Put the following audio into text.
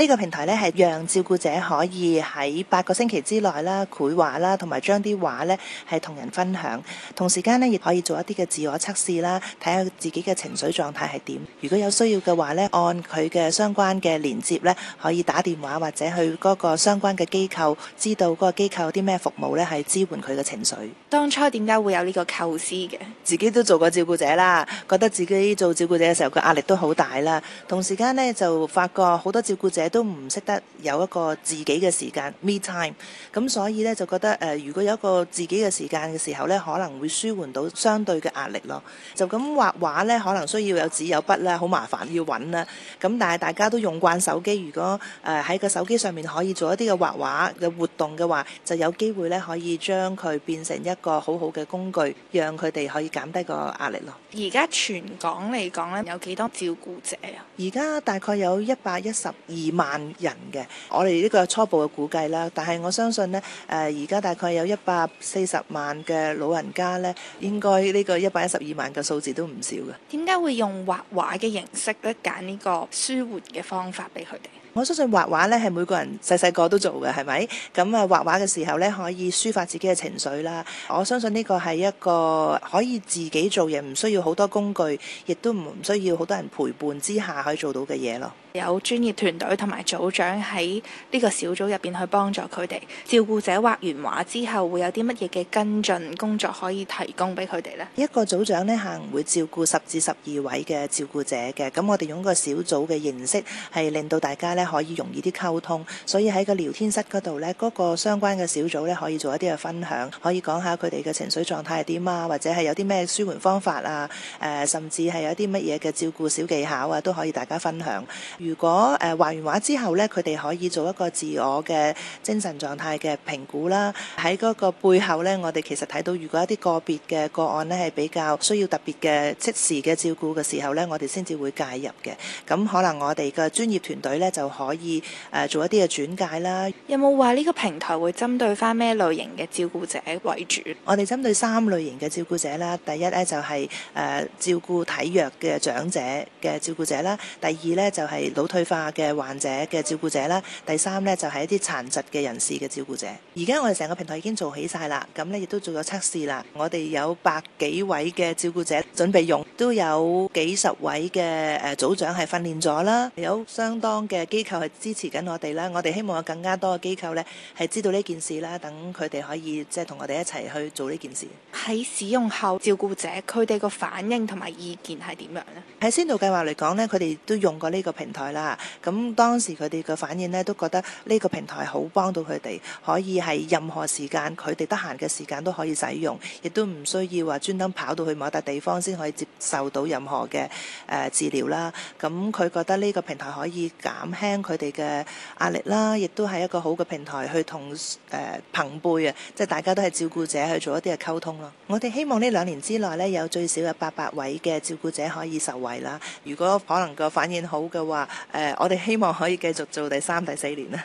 呢個平台咧係讓照顧者可以喺八個星期之內啦繪畫啦，同埋將啲畫咧係同人分享，同時間咧亦可以做一啲嘅自我測試啦，睇下自己嘅情緒狀態係點，如果有需要嘅話咧，按佢嘅相關嘅連接咧，可以打電話或者去嗰個相關嘅機構，知道嗰個機構有啲咩服務咧係支援佢嘅情緒。當初點解會有呢個構思嘅？自己都做過照顧者啦，覺得自己做照顧者嘅時候個壓力都好大啦，同時間咧就發覺好多照顧者。都唔識得有一個自己嘅時間 me time，咁所以咧就覺得誒、呃、如果有一個自己嘅時間嘅時候咧，可能會舒緩到相對嘅壓力咯。就咁畫畫咧，可能需要有紙有筆啦，好麻煩要揾啦。咁但係大家都用慣手機，如果誒喺個手機上面可以做一啲嘅畫畫嘅活動嘅話，就有機會咧可以將佢變成一個好好嘅工具，讓佢哋可以減低個壓力咯。而家全港嚟講咧，有幾多照顧者啊？而家大概有一百一十二。萬人嘅，我哋呢個初步嘅估計啦。但係我相信呢，誒，而家大概有一百四十萬嘅老人家呢，應該呢個一百一十二萬嘅數字都唔少嘅。點解會用畫畫嘅形式咧，揀呢個舒緩嘅方法俾佢哋？我相信畫畫咧，係每個人細細個都做嘅，係咪？咁啊，畫畫嘅時候咧，可以抒發自己嘅情緒啦。我相信呢個係一個可以自己做嘢，唔需要好多工具，亦都唔需要好多人陪伴之下可以做到嘅嘢咯。有專業團隊同埋組長喺呢個小組入邊去幫助佢哋。照顧者畫完畫之後會有啲乜嘢嘅跟進工作可以提供俾佢哋咧？一個組長咧，可能會照顧十至十二位嘅照顧者嘅。咁我哋用個小組嘅形式，係令到大家可以容易啲溝通，所以喺個聊天室嗰度呢，嗰個相關嘅小組呢，可以做一啲嘅分享，可以講下佢哋嘅情緒狀態係點啊，或者係有啲咩舒緩方法啊，誒，甚至係有一啲乜嘢嘅照顧小技巧啊，都可以大家分享。如果誒畫完畫之後呢，佢哋可以做一個自我嘅精神狀態嘅評估啦。喺嗰個背後呢，我哋其實睇到，如果一啲個別嘅個案呢，係比較需要特別嘅即時嘅照顧嘅時候呢，我哋先至會介入嘅。咁可能我哋嘅專業團隊呢，就可以誒、呃、做一啲嘅轉介啦。有冇話呢個平台會針對翻咩類型嘅照顧者為主？我哋針對三類型嘅照顧者啦。第一咧就係、是、誒、呃、照顧體弱嘅長者嘅照顧者啦。第二咧就係、是、腦退化嘅患者嘅照顧者啦。第三咧就係、是、一啲殘疾嘅人士嘅照顧者。而家我哋成個平台已經做起晒啦，咁咧亦都做咗測試啦。我哋有百幾位嘅照顧者準備用，都有幾十位嘅誒、呃、組長係訓練咗啦，有相當嘅基機構係支持緊我哋啦，我哋希望有更加多嘅機構咧，係知道呢件事啦，等佢哋可以即係同我哋一齊去做呢件事。喺、就是、使用後照，照顧者佢哋個反應同埋意見係點樣咧？喺先導計劃嚟講咧，佢哋都用過呢個平台啦。咁當時佢哋嘅反應咧，都覺得呢個平台好幫到佢哋，可以係任何時間，佢哋得閒嘅時間都可以使用，亦都唔需要話專登跑到去某一笪地方先可以接受到任何嘅誒治療啦。咁佢覺得呢個平台可以減輕。佢哋嘅壓力啦，亦都係一個好嘅平台去同誒朋輩啊，即係大家都係照顧者去做一啲嘅溝通咯。我哋希望呢兩年之內呢，有最少有八百位嘅照顧者可以受惠啦。如果可能個反應好嘅話，誒、呃、我哋希望可以繼續做第三、第四年啊。